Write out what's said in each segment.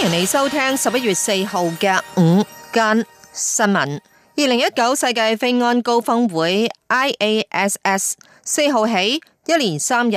歡迎你收聽十一月四號嘅午間新聞。二零一九世界飛安高峰會 IASS 四號起一連三日，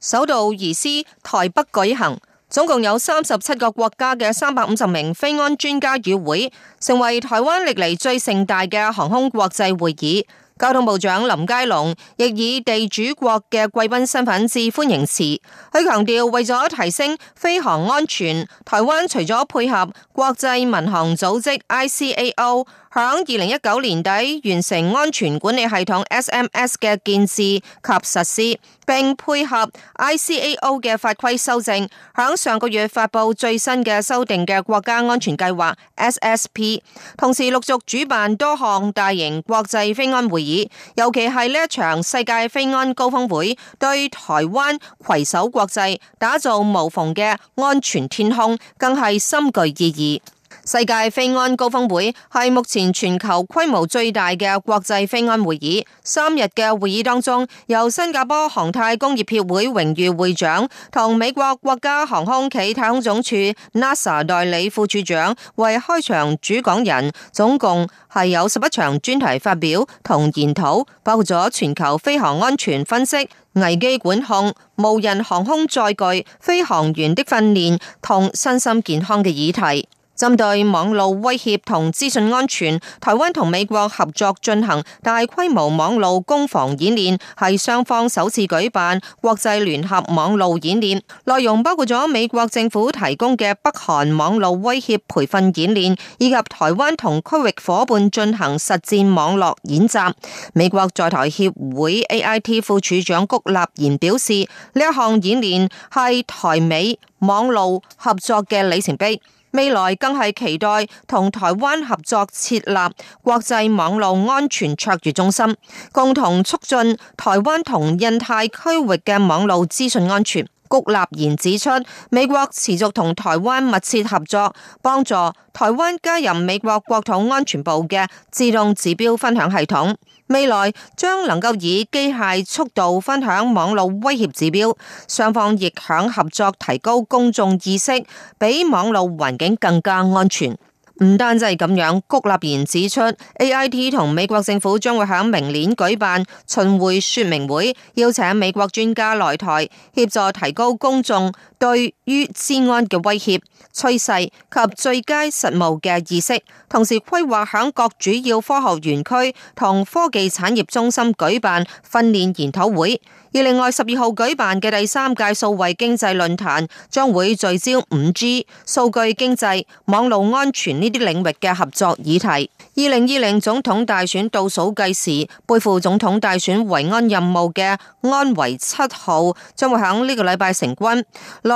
首度移師台北舉行，總共有三十七個國家嘅三百五十名飛安專家與會，成為台灣歷嚟最盛大嘅航空國際會議。交通部長林佳龍亦以地主國嘅貴賓身份致歡迎詞，佢強調為咗提升飛航安全，台灣除咗配合國際民航組織 ICAO。響二零一九年底完成安全管理系統 SMS 嘅建置及實施，並配合 ICAO 嘅法規修正，響上個月發布最新嘅修訂嘅國家安全計劃 SSP，同時陸續主辦多項大型國際飛安會議，尤其係呢一場世界飛安高峰會，對台灣攜手國際打造無縫嘅安全天空，更係深具意義。世界飛安高峰會係目前全球規模最大嘅國際飛安會議。三日嘅會議當中，由新加坡航太工業協會榮譽會長同美國國家航空暨太空總署 NASA 代理副處長為開場主講人。總共係有十一場專題發表同研討，包括咗全球飛行安全分析、危機管控、無人航空載具、飛行員的訓練同身心健康嘅議題。針對網路威脅同資訊安全，台灣同美國合作進行大規模網路攻防演練，係雙方首次舉辦國際聯合網路演練。內容包括咗美國政府提供嘅北韓網路威脅培訓演練，以及台灣同區域夥伴進行實戰網絡演習。美國在台協會 AIT 副處長谷立言表示，呢一項演練係台美網路合作嘅里程碑。未來更係期待同台灣合作設立國際網絡安全卓越中心，共同促進台灣同印太區域嘅網絡資訊安全。谷立言指出，美國持續同台灣密切合作，幫助台灣加入美國國土安全部嘅自動指標分享系統，未來將能夠以機械速度分享網絡威脅指標。雙方亦響合作提高公眾意識，俾網絡環境更加安全。唔單止係咁樣，谷立言指出，AIT 同美國政府將會喺明年舉辦巡迴說明會，邀請美國專家來台協助提高公眾。對於資安嘅威脅趨勢及最佳實務嘅意識，同時規劃響各主要科學園區同科技產業中心舉辦訓練研討會。而另外十二號舉辦嘅第三屆數位經濟論壇，將會聚焦五 G、數據經濟、網絡安全呢啲領域嘅合作議題。二零二零總統大選倒數計時，背負總統大選維安任務嘅安維七號將會響呢個禮拜成軍。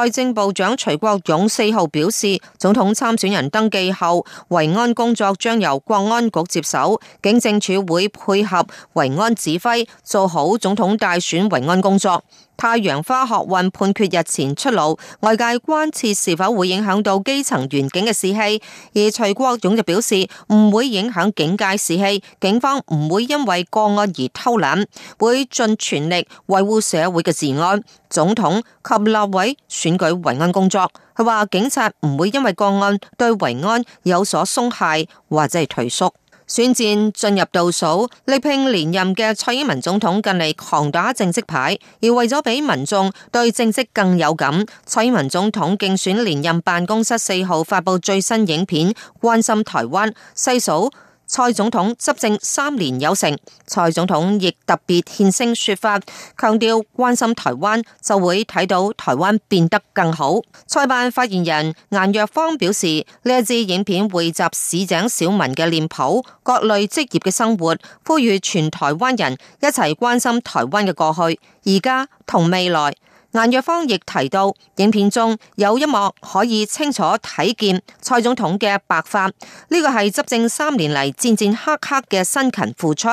內政部長徐國勇四號表示，總統參選人登記後，維安工作將由國安局接手，警政署會配合維安指揮，做好總統大選維安工作。太陽花學運判決日前出爐，外界關切是否會影響到基層員警嘅士氣，而徐國勇就表示唔會影響警界士氣，警方唔會因為個案而偷懶，會盡全力維護社會嘅治安。總統及立委選舉維安工作，佢話警察唔會因為個案對維安有所鬆懈或者係退縮。選戰進入倒數，力拼連任嘅蔡英文總統近嚟狂打政績牌，而為咗俾民眾對政績更有感，蔡英文總統競選連任辦公室四號發布最新影片，關心台灣細數。西蔡總統執政三年有成，蔡總統亦特別獻聲説法，強調關心台灣就會睇到台灣變得更好。蔡辦發言人顏若芳表示，呢一支影片匯集市井小民嘅臉譜，各類職業嘅生活，呼籲全台灣人一齊關心台灣嘅過去、而家同未來。顏若芳亦提到，影片中有一幕可以清楚睇見蔡總統嘅白髮，呢個係執政三年嚟戰戰兢兢嘅辛勤付出，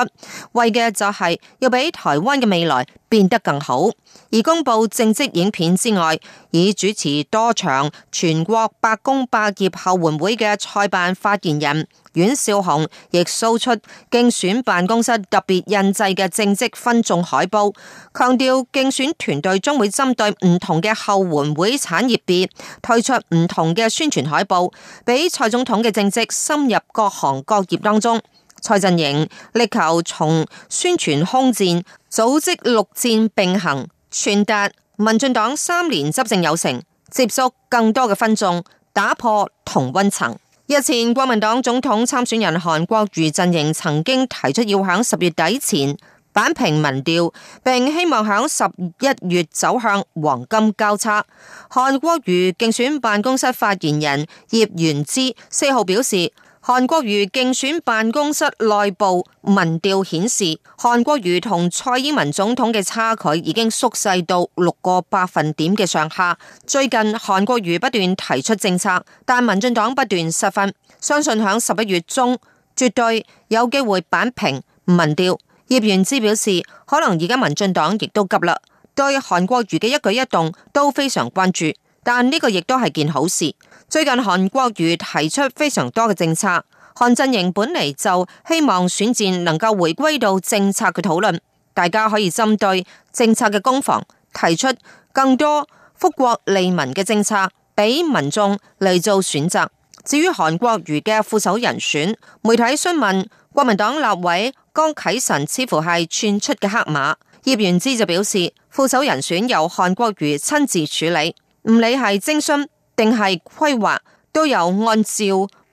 為嘅就係要畀台灣嘅未來。變得更好。而公布政績影片之外，已主持多場全國百工百業後援會嘅蔡辦發言人阮少雄，亦掃出競選辦公室特別印製嘅政績分眾海報，強調競選團隊將會針對唔同嘅後援會產業別，推出唔同嘅宣傳海報，俾蔡總統嘅政績深入各行各業當中。蔡陣營力求從宣傳空戰、組織陸戰並行，傳達民進黨三年執政有成，接觸更多嘅分眾，打破同溫層。日前，國民黨總統參選人韓國瑜陣營曾經提出要喺十月底前扳平民調，並希望喺十一月走向黃金交叉。韓國瑜競選辦公室發言人葉元之四號表示，韓國瑜競選辦公室內部民調顯示，韓國瑜同蔡英文總統嘅差距已經縮細到六個百分點嘅上下。最近韓國瑜不斷提出政策，但民進黨不斷失分，相信響十一月中絕對有機會扳平民調。葉元之表示，可能而家民進黨亦都急啦，對韓國瑜嘅一舉一動都非常關注，但呢個亦都係件好事。最近韓國瑜提出非常多嘅政策，韓陣營本嚟，就希望選戰能夠回歸到政策嘅討論，大家可以針對政策嘅攻防提出更多福國利民嘅政策，俾民眾嚟做選擇。至於韓國瑜嘅副手人選，媒體詢問國民黨立委江啟臣似乎係串出嘅黑馬，葉元之就表示副手人選由韓國瑜親自處理，唔理係徵詢。定係規劃都有按照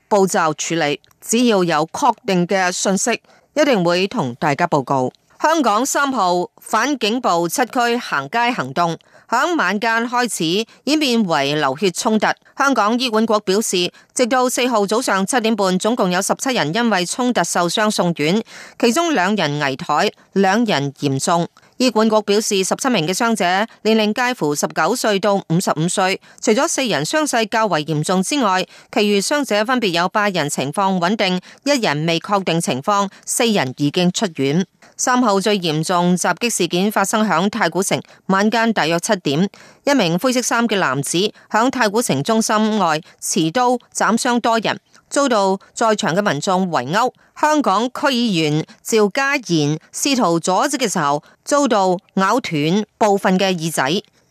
步驟處理，只要有確定嘅信息，一定會同大家報告。香港三號反警暴七區行街行動響晚間開始演變為流血衝突。香港醫管局表示，直到四號早上七點半，總共有十七人因為衝突受傷送院，其中兩人危殆，兩人嚴重。醫管局表示，十七名嘅傷者年齡介乎十九歲到五十五歲，除咗四人傷勢較為嚴重之外，其餘傷者分別有八人情況穩定，一人未確定情況，四人已經出院。三號最嚴重襲擊事件發生響太古城，晚間大約七點，一名灰色衫嘅男子響太古城中心外持刀斬傷多人。遭到在場嘅民眾圍毆，香港區議員趙家賢試圖阻止嘅時候，遭到咬斷部分嘅耳仔。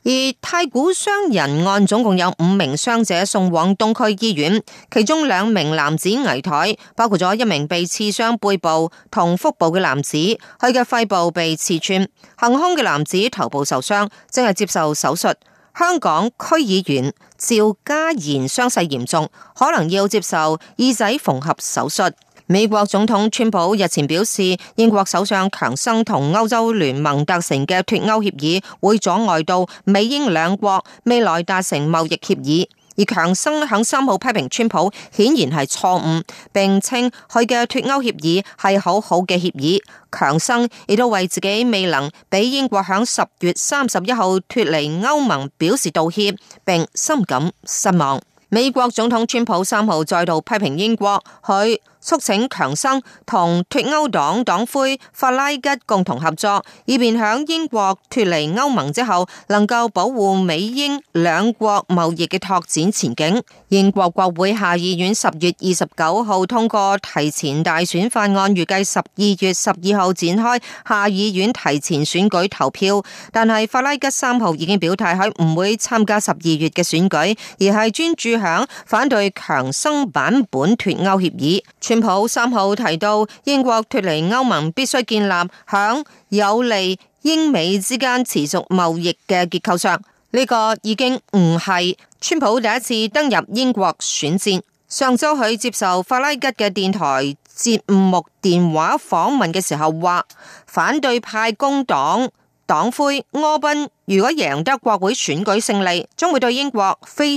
而太古傷人案總共有五名傷者送往東區醫院，其中兩名男子危殆，包括咗一名被刺傷背部同腹部嘅男子，佢嘅肺部被刺穿；行兇嘅男子頭部受傷，正係接受手術。香港區議員趙家賢傷勢嚴重，可能要接受耳仔縫合手術。美國總統川普日前表示，英國首相強生同歐洲聯盟達成嘅脫歐協議，會阻礙到美英兩國未來達成貿易協議。而強生喺三號批評川普，顯然係錯誤，並稱佢嘅脫歐協議係好好嘅協議。強生亦都為自己未能俾英國響十月三十一號脫離歐盟表示道歉，並深感失望。美國總統川普三號再度批評英國，佢，促請強生同脫歐黨黨魁法拉吉共同合作，以便響英國脫離歐盟之後，能夠保護美英兩國貿易嘅拓展前景。英國國會下議院十月二十九號通過提前大選法案，預計十二月十二號展開下議院提前選舉投票。但係法拉吉三號已經表態喺唔會參加十二月嘅選舉，而係專注響反對強生版本脫歐協議。川普三號提到，英國脫離歐盟必須建立響有利英美之間持續貿易嘅結構上，呢、這個已經唔係川普第一次登入英國選戰。上周佢接受法拉吉嘅電台節目電話訪問嘅時候話，反對派工黨黨魁柯賓如果贏得國會選舉勝利，將會對英國非。